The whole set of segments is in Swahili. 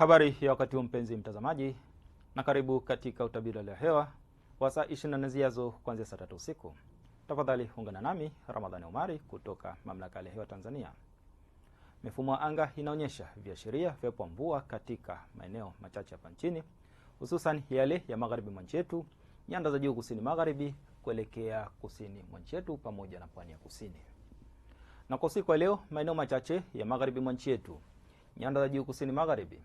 Habari ya wakati huu mpenzi mtazamaji, na karibu katika utabiri wa hewa wa saa 24 zijazo kuanzia saa tatu usiku. Tafadhali ungana nami Ramadhani umari kutoka Mamlaka ya Hewa Tanzania. Mifumo ya anga inaonyesha viashiria vya mvua katika maeneo machache hapa nchini, hususan yale ya magharibi mwa nchi yetu, nyanda za juu kusini magharibi kuelekea kusini mwa nchi yetu pamoja na pwani ya kusini. Na kwa usiku wa leo, maeneo machache ya magharibi mwa nchi yetu, nyanda za juu kusini magharibi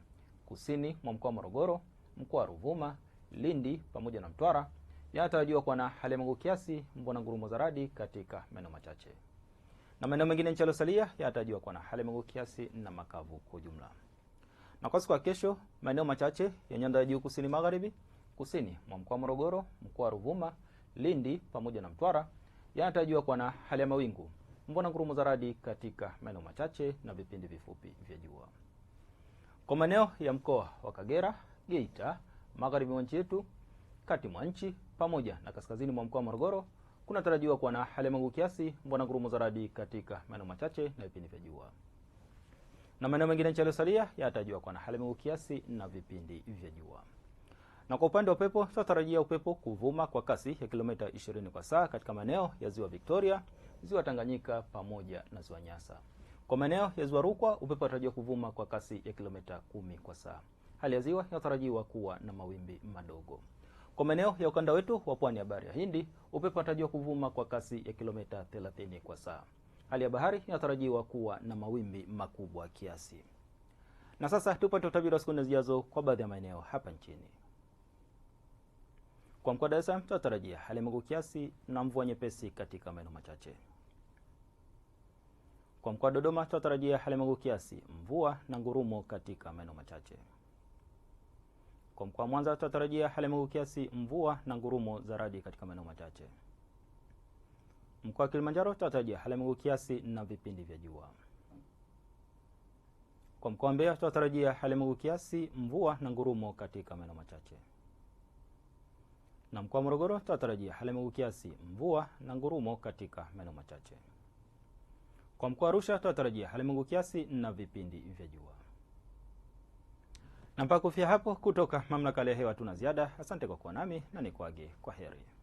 kusini mwa mkoa wa Morogoro, mkoa wa Ruvuma, Lindi pamoja na Mtwara yanatarajiwa kuwa na hali ya mawingu kiasi, mvua na ngurumo za radi katika maeneo machache, na maeneo mengine nchi yaliyosalia yanatarajiwa kuwa na hali ya mawingu kiasi na makavu kwa ujumla. Na kwa siku ya kesho, maeneo machache ya nyanda ya juu kusini magharibi, kusini mwa mkoa wa Morogoro, mkoa wa Ruvuma, Lindi pamoja na Mtwara yanatarajiwa kuwa na hali ya mawingu, mvua na ngurumo za radi katika maeneo machache na vipindi vifupi vya jua. Kwa maeneo ya mkoa wa Kagera, Geita, magharibi mwa nchi yetu, kati mwa nchi pamoja na kaskazini mwa mkoa wa Morogoro kunatarajiwa kuwa na hali ya mawingu kiasi, mvua ngurumo za radi katika maeneo machache na vipindi vya jua. Na maeneo mengine nchi yaliyosalia yanatarajiwa kuwa na hali ya mawingu kiasi na vipindi vya jua. Na kwa upande wa upepo, tutatarajia upepo kuvuma kwa kasi ya kilomita 20 kwa saa katika maeneo ya Ziwa Victoria, Ziwa Tanganyika pamoja na Ziwa Nyasa. Kwa maeneo ya ziwa Rukwa, upepo unatarajiwa kuvuma kwa kasi ya kilomita kumi kwa saa. Hali ya ziwa inatarajiwa kuwa na mawimbi madogo. Kwa maeneo ya ukanda wetu wa pwani ya bahari ya Hindi, upepo unatarajiwa kuvuma kwa kasi ya kilomita 30 kwa saa. Hali ya bahari inatarajiwa kuwa na mawimbi makubwa kiasi. Na sasa tupate utabiri wa siku nne zijazo kwa baadhi ya maeneo hapa nchini. Kwa mkoa wa Dar es Salaam tunatarajia hali ya mawingu kiasi na mvua nyepesi katika maeneo machache. Kwa mkoa wa Dodoma tunatarajia hali magumu kiasi, mvua na ngurumo katika maeneo machache. Kwa mkoa wa Mwanza tunatarajia hali magumu kiasi, mvua na ngurumo za radi katika maeneo machache. Mkoa wa Kilimanjaro tunatarajia hali magumu kiasi na vipindi vya jua. Kwa mkoa wa Mbeya tunatarajia hali magumu kiasi, mvua na ngurumo katika maeneo machache. Na mkoa wa Morogoro tunatarajia hali magumu kiasi, mvua na ngurumo katika maeneo machache. Kwa mkoa wa Arusha tunatarajia halimungu kiasi na vipindi vya jua. Na mpaka kufia hapo, kutoka mamlaka ya hewa tuna ziada. Asante kwa kuwa nami na nikuage kwa heri.